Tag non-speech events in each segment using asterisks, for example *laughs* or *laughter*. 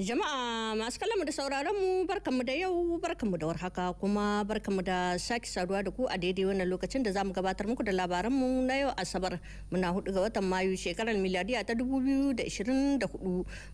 Jama'a masu kallon da sauraron mu barkanmu da yau barkanmu da warhaka kuma barkanmu da sake saduwa da ku a daidai wannan lokacin da zamu gabatar muku da labaran mu na yau Asabar muna hudu ga watan Mayu shekarar miladiya ta 2024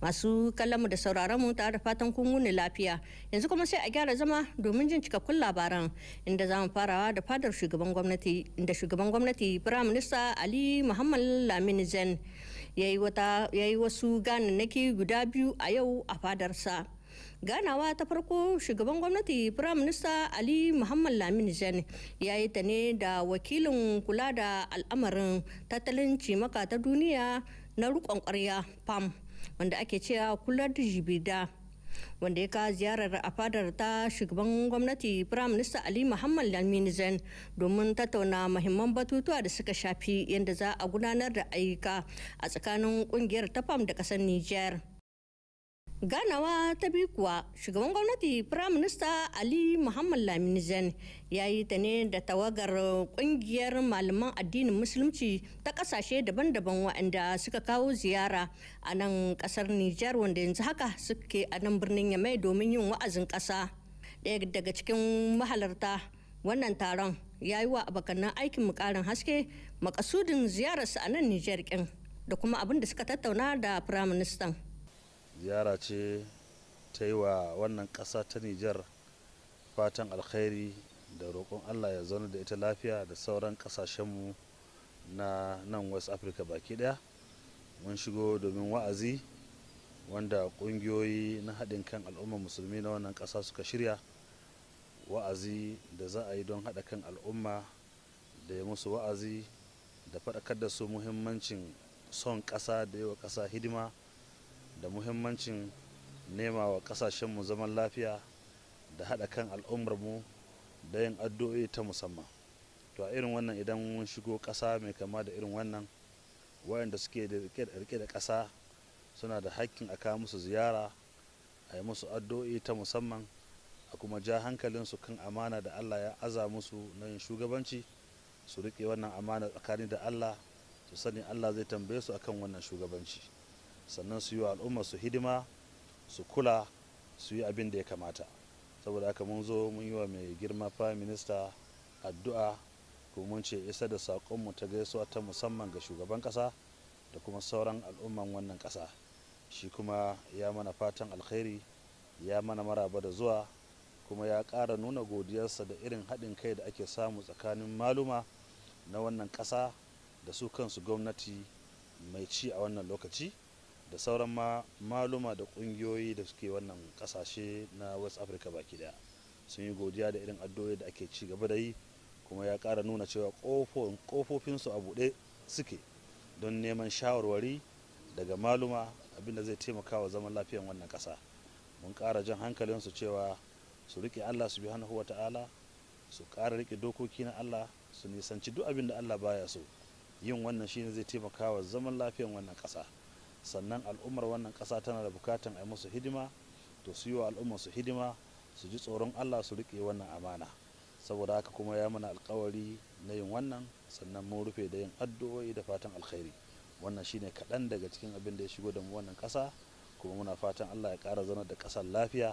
masu mu da sauraron mu tare da fatan kun wuni lafiya yanzu kuma sai a gyara zama domin jin cikakkun labaran inda zamu farawa da fadar shugaban gwamnati inda shugaban gwamnati Prime Minister Ali Muhammad Lamine Zain ya yi wasu gananaki guda biyu a yau a fadarsa ganawa ta farko shugaban gwamnati firayim minista ali muhammad lamin jan ya yi ta ne da wakilin kula da al'amarin tattalin cimaka ta duniya na rukon kwarya pam wanda ake cewa kula da jibida wanda ya kawo ziyarar a fadar ta shugaban gwamnati prime minister ali muhammad lamini domin tattauna mahimman batutuwa da suka shafi yadda za a gudanar da ayyuka a tsakanin kungiyar tafam da kasar niger ganawa ta biyu kuwa shugaban gwamnati prime minister ali muhammad lamini zen ya yi ta ne da tawagar kungiyar malaman addinin musulunci ta kasashe daban-daban waɗanda suka kawo ziyara a nan kasar nijar wanda yanzu haka suke a nan birnin yamai domin yin wa'azin kasa ɗaya daga cikin mahalarta wannan taron ya yi wa abokanan aikin mukarin haske makasudin ziyararsa a nan nijar kin da kuma abin da suka tattauna da firaministan. ziyara ce ta yi wa wannan ƙasa ta nijar fatan alkhairi da roƙon allah ya zauna da ita lafiya da sauran ƙasashenmu na nan west africa baki ɗaya mun shigo domin wa'azi wanda ƙungiyoyi na haɗin kan al'ummar musulmi na wannan ƙasa suka shirya wa'azi da za a yi don haɗa kan al'umma da ya musu wa'azi da faɗakar da su muhimmancin son ƙasa da yi wa ƙasa hidima da muhimmancin nema wa kasashenmu zaman lafiya da haɗa kan al'ummarmu da yin addu'o'i ta musamman to a irin wannan idan mun shigo ƙasa mai kama da irin wannan wayanda suke da rike da ƙasa suna da hakkin a kawo musu ziyara a yi musu addu'o'i ta musamman a kuma ja su kan amana da allah ya aza musu na yin shugabanci su riƙe wannan amana tsakani da allah su sani allah zai tambaye su akan wannan shugabanci sannan su yi wa al'umma su hidima su kula su yi abin da ya kamata saboda haka mun zo mun yi wa mai girma prime minister addu'a kuma mun ce isa da saƙonmu ta gaisuwa ta musamman ga shugaban ƙasa da kuma sauran al'umman wannan ƙasa shi kuma ya mana fatan alkhairi ya mana maraba da zuwa kuma ya ƙara nuna godiyarsa da irin haɗin kai da ake samu tsakanin maluma na wannan ƙasa da su kansu gwamnati mai ci a wannan lokaci da sauran ma maluma da kungiyoyi da suke wannan kasashe na west africa baki daya sun yi godiya da irin addu'o'i da ake ci gaba da yi kuma ya kara nuna cewa kofofin su a buɗe suke don neman shawarwari daga maluma abinda zai taimaka wa zaman lafiyan wannan kasa mun kara jan hankalin su cewa su riƙe allah su bi hannu wa ta'ala su kara rike dokoki na allah su nisanci duk abin da allah baya so yin wannan shine zai taimaka wa zaman lafiyan wannan kasa. sannan al'ummar wannan ƙasa tana da bukatan a musu hidima to su yi wa al'ummar su hidima su ji tsoron allah su riƙe wannan amana saboda haka kuma ya mana alkawari na yin wannan sannan mun rufe da yin addu'o'i da fatan alkhairi wannan shine kaɗan daga cikin abin da ya shigo da mu wannan ƙasa kuma muna fatan allah ya ƙara zana da ƙasar lafiya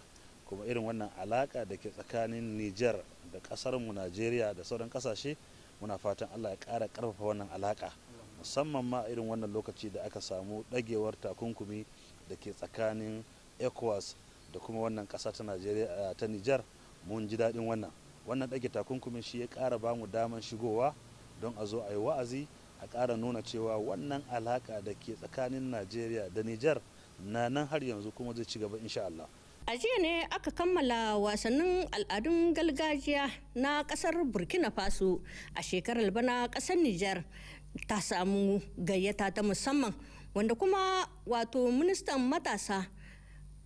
kuma irin wannan alaƙa da ke tsakanin niger da ƙasarmu najeriya da sauran ƙasashe muna fatan allah ya ƙara ƙarfafa wannan alaƙa musamman ma irin wannan lokaci da aka samu dagewar takunkumi da ke tsakanin ecowas da kuma wannan kasa ta najeriya ta nijar mun ji daɗin wannan wannan dage takunkumin shi ya kara ba mu daman shigowa don a zo a yi wa'azi a kara nuna cewa wannan alaƙa da ke tsakanin najeriya da nijar na nan har yanzu kuma zai ci gaba insha Allah. a jiya ne aka kammala wasannin al'adun gargajiya na kasar burkina faso a shekarar bana ƙasar nijar ta samu gayyata ta musamman wanda kuma wato ministan matasa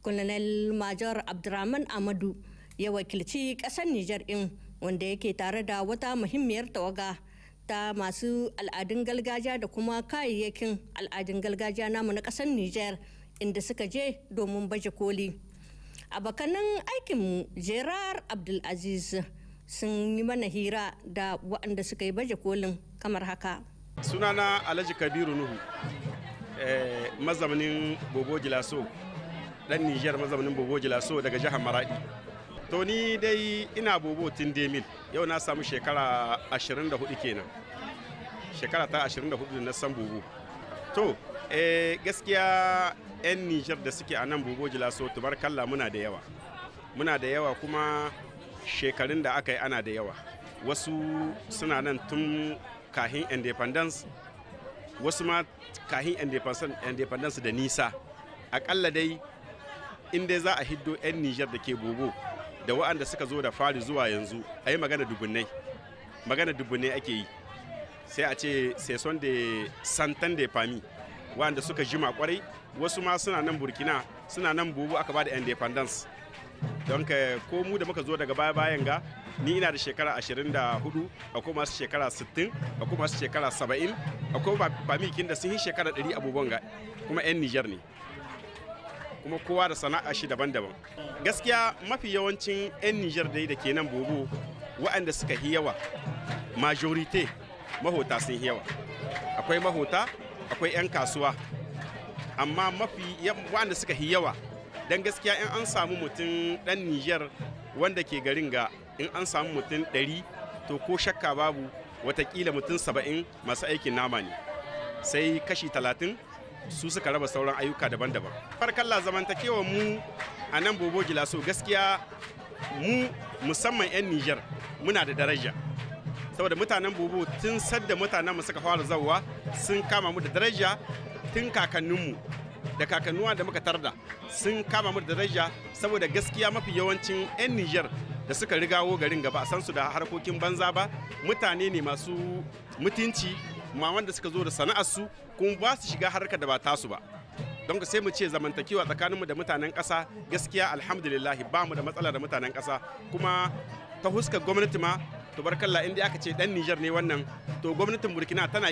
colonel major abdurrahman amadu ya wakilci kasar nijar in wanda yake tare da wata muhimmiyar tawaga ta masu al'adun gargajiya da kuma kayayyakin al'adun gargajiya namu na kasar nijar inda suka je domin baje koli abokanan aikinmu gerard abdulaziz sun yi mana hira da waɗanda suka yi baje kolin kamar haka sunana alhaji kabiru nuhu eh, mazaunin bobo gilaso dan nijar mazaunin bobo gilaso daga jihar maradi to ni dai ina bobo tun demil yau na samu shekara 24 kenan shekara ta 24 na san bobo to eh, gaskiya 'yan nijar da suke a nan bobo gilaso tubar kalla muna da yawa muna da yawa kuma shekarun da aka yi ana da yawa wasu suna nan tun kahin independence wasu ma kahin independence da nisa akalla dai inda za a hiddo 'yan nijar da ke bogo da waɗanda suka zo da fari zuwa yanzu a yi magana dubunai magana dubunai ake yi sai a ce saison da santan da fami waɗanda suka jima kwarai wasu ma suna nan burkina suna nan bobo aka ba da independence don ka ko mu da muka zo daga baya bayan ga ni ina da shekara 24 akwai masu shekara 60 akwai masu shekara 70 akwai famikin da sun yi shekara 100 abubuwan ga kuma 'yan Nijar ne kuma kowa da sana'a shi daban-daban gaskiya mafi yawancin 'yan Nijar dai da ke nan bobo waɗanda suka yi yawa majorite mahota sun yi yawa akwai mahota akwai 'yan kasuwa amma mafi waɗanda suka yi yawa don gaskiya in an samu mutum ɗan Nijar wanda ke garin ga in an samu mutum ɗari to ko shakka babu watakila mutum saba'in masu aikin nama ne sai kashi talatin su suka raba sauran ayyuka daban-daban farkalla zamantakewa mu a nan bobo gilaso gaskiya mu musamman 'yan Nijar muna da daraja saboda mutanen bobo tun sadda mutanenmu suka fara zawwa sun kama mu da daraja tun kakanninmu da kakannuwa da muka tarda sun kama mu da daraja saboda gaskiya mafi yawancin 'yan Nijar da suka rigawo garin gaba a san da harkokin banza ba mutane ne masu mutunci ma wanda suka zo da sana'ar su kuma ba su shiga harkar da ba tasu ba don sai mu ce zamantakewa tsakaninmu da mutanen ƙasa gaskiya alhamdulillah ba mu da matsala da mutanen ƙasa kuma ta huskar gwamnati ma to in inda aka ce dan Nijar ne wannan to gwamnatin Burkina tana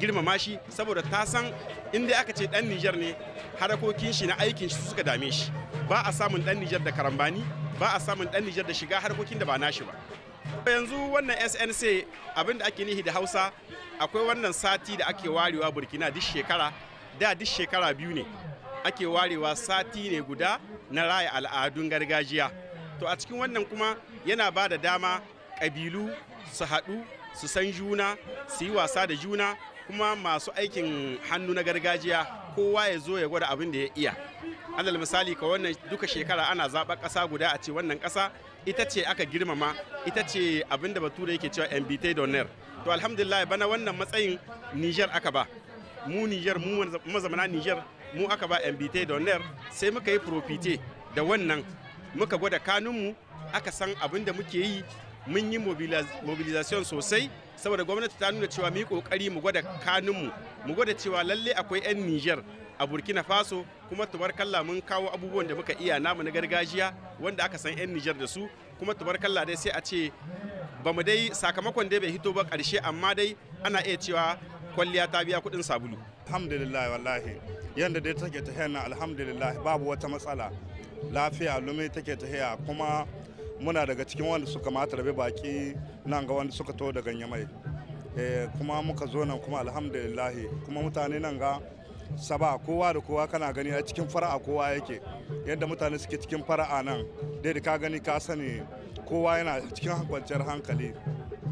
girmama shi saboda ta san inda aka ce dan Nijar ne harakokin shi na aikin shi suka dame shi ba a samun dan Nijar da karambani ba a samun dan Nijar da shiga harkokin da ba nashi ba yanzu wannan SNC abinda ake nihi da Hausa akwai wannan sati da ake warewa Burkina duk shekara da duk shekara biyu ne ake warewa sati ne guda na raya al'adun gargajiya to a cikin wannan kuma yana ba da dama ƙabilu su haɗu su san juna su yi wasa da juna kuma masu aikin hannu na gargajiya kowa ya zo ya gwada abin da ya iya alal misali ka wannan duka shekara ana zaɓa ƙasa guda a ce wannan ƙasa ita ce aka girmama ita ce abin da bature yake cewa mbta donner to alhamdulillah bana wannan matsayin niger aka ba mu niger mu mazamana niger mu aka ba mbta donner sai muka yi profite da wannan muka gwada kanunmu aka san abin da muke yi mun yi mobilization sosai saboda gwamnati ta nuna cewa mu yi kokari mu gwada kanunmu mu gwada cewa lalle akwai 'yan Nijar a Burkina Faso kuma tubarkalla mun kawo abubuwan da muka iya namu na gargajiya wanda aka san 'yan Nijar da su kuma tubarkalla dai sai a ce ba mu dai sakamakon dai bai hito ba karshe amma dai ana iya cewa kwalliya ta biya kuɗin sabulu. Alhamdulillah wallahi yadda dai take ta alhamdulillah babu wata matsala lafiya lumai take ta kuma muna daga cikin wanda suka mata rabe baki nan ga wanda suka to daga nyamai eh, kuma muka zo nan kuma alhamdulillahi kuma mutane nan ga saba kowa da kowa kana gani a cikin fara'a kowa yake yadda mutane suke cikin fara'a nan dai da ka gani ka sani kowa yana cikin kwanciyar hankali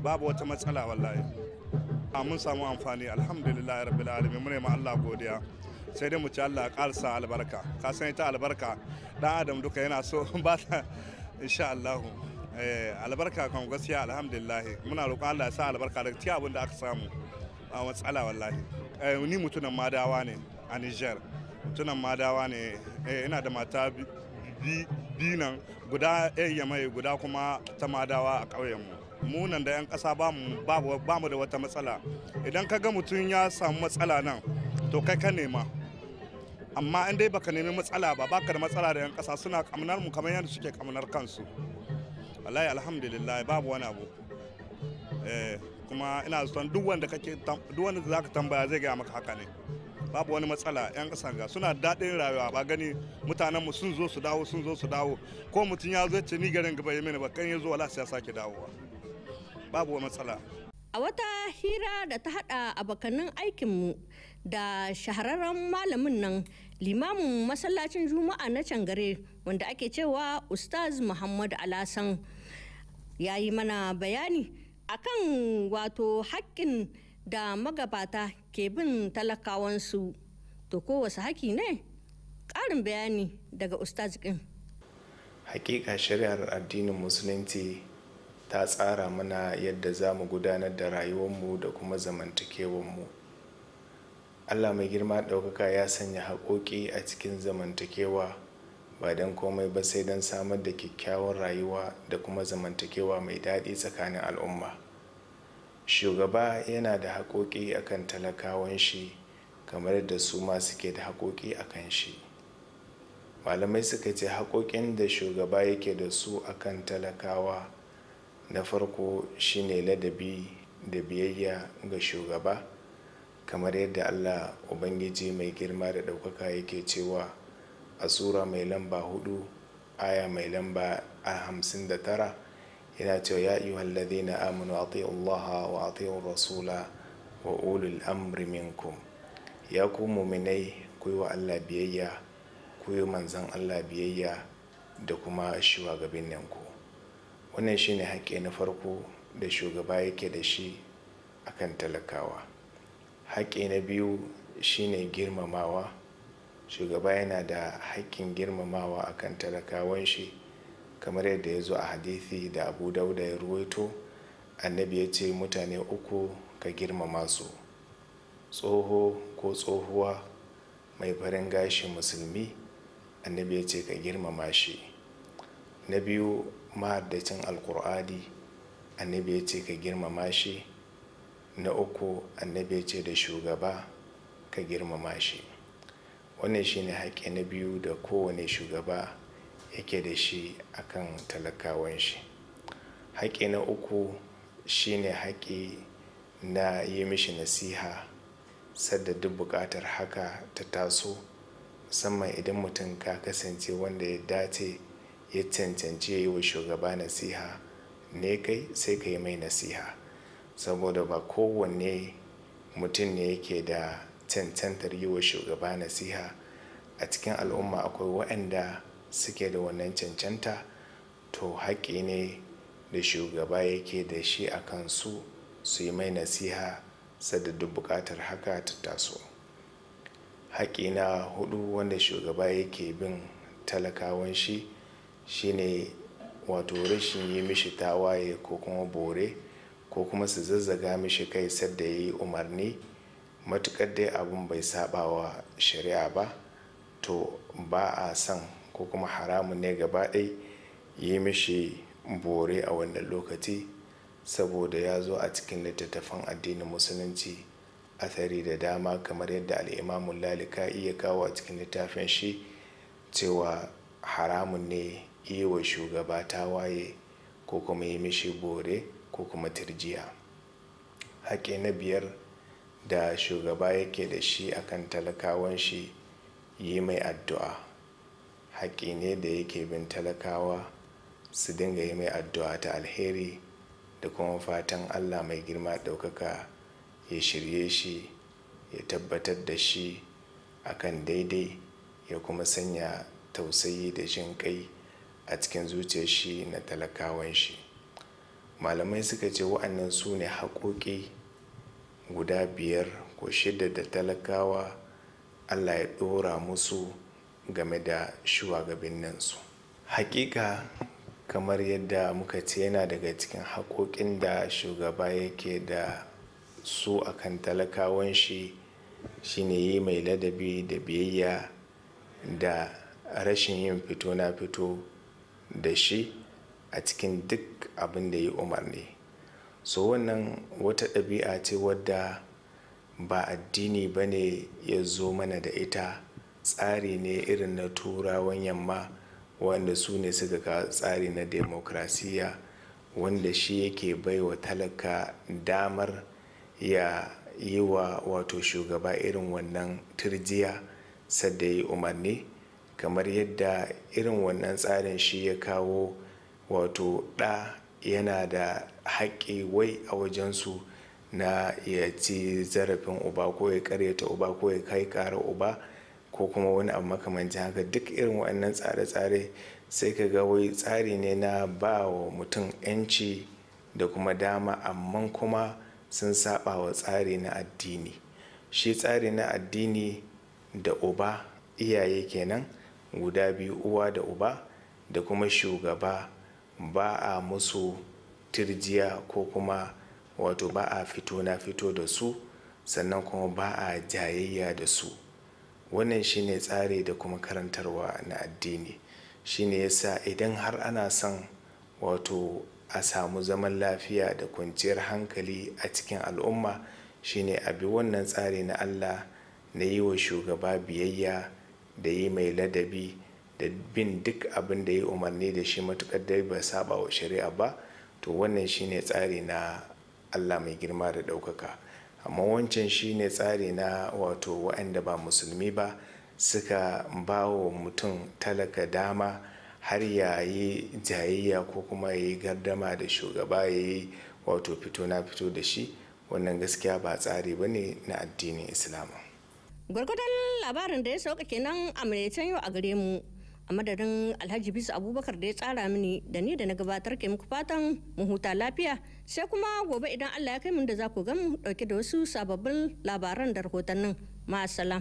babu wata matsala wallahi A mun samu amfani alhamdulillah rabbil alamin mun ma Allah godiya sai dai mu ci Allah ya karsa albarka ka san ita albarka dan adam duka yana so *laughs* ba insha Allah eh, albarka kan gaskiya alhamdulillah muna roƙon Allah ya sa albarka da cikin abin da aka samu a matsala wallahi eh, ni mutunan madawa ne a Niger mutunan madawa ne eh, ina da mata bi nan guda ya guda kuma ta madawa a ƙauyenmu mu nan da 'yan ƙasa ba mu da wata matsala idan ka ga mutum ya samu matsala nan to kai ka nema amma in dai baka nemi matsala ba baka da matsala da 'yan kasa suna kamnar mu kamar yadda suke kamnar kansu wallahi alhamdulillah babu wani abu eh, kuma ina son duk wanda kake duk wanda zaka tambaya zai gaya maka haka ne babu wani matsala 'yan kasa ga suna daɗin rayuwa ba gani mutanen mu sun zo su dawo sun zo su dawo ko mutum ya zo ce ni garin gaba ya mini ba kan ya zo wala sai ya sake dawowa babu wani matsala a wata hira da ta haɗa abokanin aikinmu da shahararren malamin nan limamin masallacin juma'a na cangare wanda ake cewa ustaz muhammadu alasan ya yi mana bayani akan wato hakkin da magabata ke bin talakawansu to kowace haki ne ƙarin bayani daga ustaz ɗin hakika shari'ar addinin musulunci ta tsara mana yadda za mu gudanar da rayuwarmu da kuma zamantakewarmu allah mai girma ɗaukaka ya sanya haƙoƙi a cikin zamantakewa ba don komai ba sai don samar da kyakkyawar rayuwa da kuma zamantakewa mai daɗi tsakanin al'umma shugaba yana da haƙoƙi akan talakawan shi kamar da su ma suke da haƙoƙi akan shi malamai suka ce haƙoƙin da shugaba yake da su akan talakawa na farko shine ladabi da biyayya ga shugaba kamar yadda Allah Ubangiji mai girma da ɗaukaka yake cewa a Sura mai lamba hudu aya mai lamba a hamsin da tara yana cewa ya iya hallazi na aminu a Allah wa a rasula wa ulul amri minkum ya ku muminai ku yi wa Allah biyayya ku yi manzan Allah biyayya da kuma ku wannan shine haƙƙi na farko da shugaba yake da shi akan talakawa haƙƙi na biyu shine girmamawa shugaba yana da haƙƙin girmamawa akan talakawan shi kamar yadda ya zo a hadithi da abu dauda ya ruwaito annabi ya ce mutane uku ka girmama su tsoho ko tsohuwa mai farin gashi musulmi annabi ya ce ka girmama shi na biyu mahaddacin alkur'ani annabi ya ce ka girmama shi na uku annabi ce da shugaba ka girmama shi wannan shine haƙƙi na biyu da kowane shugaba yake da shi akan talakawan shi haƙƙi na uku shine haƙƙi na yi mishi nasiha sadda duk buƙatar haka ta taso musamman idan mutum ka kasance wanda ya dace ya cancanci ya yi wa shugaba nasiha ne kai sai ka yi mai nasiha saboda ba kowanne mutum ne yake da cancantar yi wa shugaba nasiha a cikin al'umma akwai waɗanda suke da wannan cancanta to haƙƙi ne da shugaba yake da shi a kansu su yi mai nasiha sadda duk buƙatar haka ta taso haƙƙi na hudu wanda shugaba yake bin talakawan shi shine wato rashin yi mishi tawaye ko kuma bore ko kuma su zazzaga mishi kai sadda ya yi umarni matuƙar dai abun bai saba wa shari'a ba to ba a son ko kuma haramun ne gaba ɗai yi mishi bore a wannan lokaci saboda ya zo a cikin littattafan addinin musulunci athari da dama kamar yadda al'imamun lalika iya kawo a cikin littafin shi cewa haramun ne yi wa shugaba tawaye ko kuma yi mishi bore ko kuma tirjiya haƙƙi na biyar da shugaba yake da shi akan talakawan shi yi mai addu'a haƙƙi ne da yake bin talakawa su dinga yi mai addu'a ta alheri da kuma fatan allah mai girma ɗaukaka ya shirye shi ya tabbatar da shi akan daidai ya kuma sanya tausayi da jin kai a cikin zuciyar shi na talakawan shi malamai suka ce wa'annan su ne haƙoƙi guda biyar ko shida da talakawa allah ya ɗora musu game da su. haƙiƙa kamar yadda muka ce yana daga cikin haƙoƙin da shugaba yake da su akan talakawan shi shine yi mai ladabi da biyayya da rashin yin fito na fito da shi a cikin duk abin da ya umarni so wannan wata ɗabi'a ce wadda ba addini ba ne ya zo mana da ita tsari ne irin na turawan yamma wanda su ne suka kawo tsari na demokrasiya wanda shi yake baiwa talaka damar ya yi wa wato shugaba irin wannan turjiya sadda ya yi umarni kamar yadda irin wannan tsarin shi ya kawo wato ɗa yana da haƙƙi wai a wajensu na ya ci zarafin uba ko ya karyata uba ko ya kai ƙara uba ko kuma wani abu makamancin haka duk irin wannan tsare-tsare sai ka ga wai tsari ne na ba wa mutum 'yanci da kuma dama amma kuma sun saba wa tsari na addini shi tsari na addini da uba iyaye kenan guda biyu uwa da uba da kuma shugaba ba a musu tirjiya ko kuma wato ba a fito na fito da su sannan kuma ba a jayayya da su wannan shine tsari da kuma karantarwa na addini shine yasa idan har ana son wato a samu zaman lafiya da kwanciyar hankali a cikin al'umma shine a bi wannan tsari na allah na yi wa shugaba biyayya da yi mai ladabi da bin duk abin da ya yi umarni da shi matukar dai ba saba wa shari'a ba to wannan shine tsari na allah mai girma da ɗaukaka amma wancan shine tsari na wato waɗanda ba musulmi ba suka ba wa mutum talaka dama har ya yi jayayya ko kuma ya yi gardama da shugaba ya yi wato fito na fito da shi wannan gaskiya ba tsari ba ne na addinin islamu gwargwadon labarin da ya sauka kenan a yau a gare mu a madadin alhaji bisu abubakar da ya tsara mini da ni da na gabatar ke muku fatan mu huta lafiya sai kuma gobe idan allah ya kai mun da za ku gan mu dauke da wasu sababbin labaran da rahotannin ma'asalam